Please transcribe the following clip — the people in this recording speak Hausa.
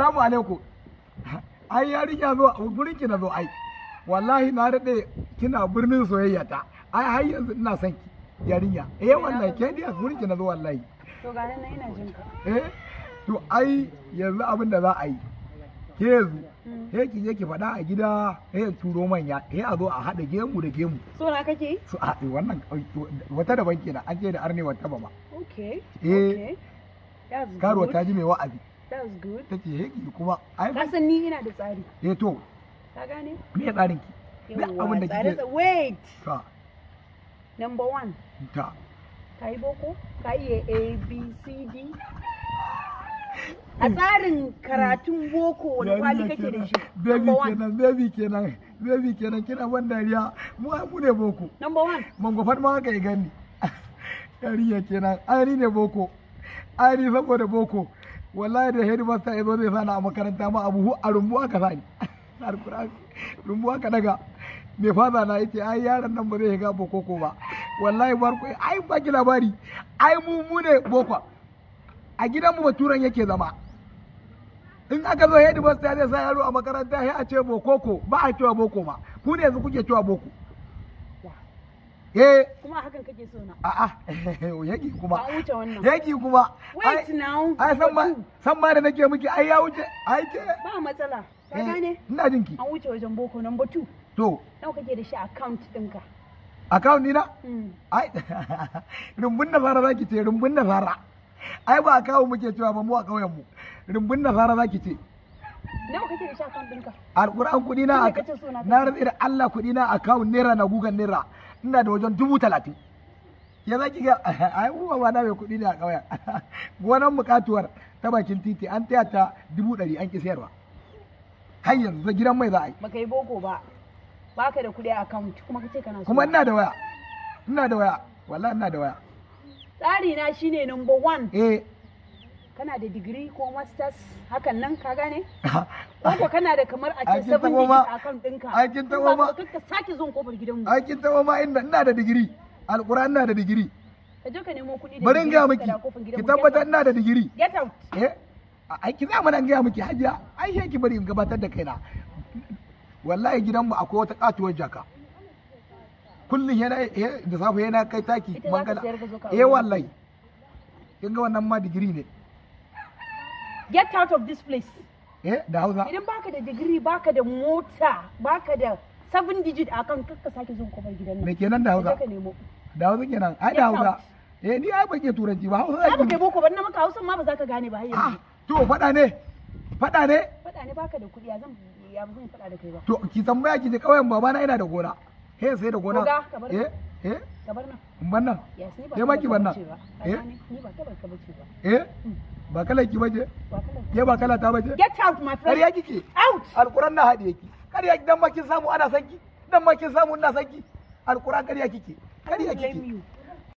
Salamu alaikum. Ai yarinya zo gurin ki na zo ai. Wallahi na rade kina birnin soyayya ta. Ai har yanzu ina son ki yarinya. Eh wallahi ke dai gurin ki na zo wallahi. To ga nan ina jin ka. Eh to ai yanzu abin da za a yi. Ke yanzu hmm. he ki je ki faɗa a gida he turo manya he a zo a haɗa gemu da gemu. So na kake yi? So a eh, wannan eh, wata daban kenan an ce da arne wata ba ma. Okay. Eh. Karo ta ji mai wa'azi. that's good kuma ai ka san ni ina da tsari eh to ka gane me ya tsarin ki abin da kike wait number 1 ta boko a b c d a tsarin karatun boko wani kwali kake da shi baby kenan baby kenan baby kenan kina ban dariya mu ai mu ne boko number ma haka gani yariya kenan ari ne boko ari saboda boko wallahi da headmaster ya zo zai sana a makaranta ma abu a rumbu aka sani rumbu aka daga me faza na yake ai yaron nan ba zai boko ko ba wallahi barko ai ba ki labari ai mu mu ne boko a gidan mu baturan yake zama in aka zo headmaster zai sa yaro a makaranta sai a ce ko ba a cewa boko ba ku ne yanzu kuke cewa boko he eh. kuma hakan na a'a eh, yaki kuma ba kuma wait now ai da nake miki ai ya wuce ai ke ba matsala to nawa kake da shi account ɗinka account dina hmm. ai ce rumbun nasara ai ba kawo muke cewa ba mu a ƙauyen mu rumbun nasara zaki ce nawa kake da shi account ɗinka na na rabi da Allah kuɗi na account naira na gugan naira ina da wajen dubu talatin ya zaki ga ai uwa ba na mai kuɗi ne a ƙauyen gonan buƙatuwar ta bakin titi an taya ta dubu ɗari an kisayarwa. sayarwa har yanzu gidan mai za a yi baka yi boko ba ba ka da kuɗi a kan kuma ka ce kana so kuma ina da waya ina da waya wallahi ina da waya tsari na shine number one eh kana da digiri ko masters hakan nan ka gane ko kana da kamar a ce 7 digiri akan ɗinka aikin taɓa ma ka sake zuwa kofar gidanmu aikin taɓa ma inda ina da digiri alƙur'an ina da digiri ka je ka nemo kuɗi bari in gaya miki ki tabbatar ina da digiri get out eh ai ki za mu nan gaya miki hajiya ai sai ki bari in gabatar da kaina wallahi gidanmu akwai wata katuwar jaka kullum yana eh, da safe yana kai taki mangala eh wallahi kin ga wannan ma digiri ne get out of this place eh da hausa idan baka da digiri baka da mota baka da seven digit akan kakka sake zuwa kofar gidan nan me kenan da hausa da hausa kenan ai da hausa eh ni ai bake turanci ba hausa ai bake boko ban na maka hausa ma ba za ka gane ba har yanzu ah, to faɗa ne faɗa ne faɗa ne baka da kuɗi ya zan ya zan faɗa da kai ba to ki tambaya ki je ƙauyen babana ina da gona he sai da gona eh eh banna ke baki eh? banna eh? mm. ba kala ki bace ke ba kala ta bace get out my friend kariya kike out alquran na hadiye ki kariya dan ma samu ana sanki dan samu ina sanki alquran kariya kike kariya kike